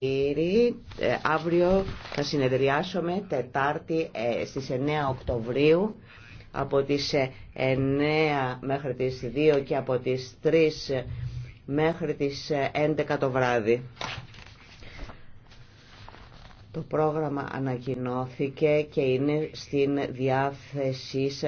Κύριοι, ε, αύριο θα συνεδριάσουμε Τετάρτη ε, στις 9 Οκτωβρίου από τις 9 ε, μέχρι τις 2 και από τις 3 μέχρι τις 11 το βράδυ. Το πρόγραμμα ανακοινώθηκε και είναι στην διάθεσή σας.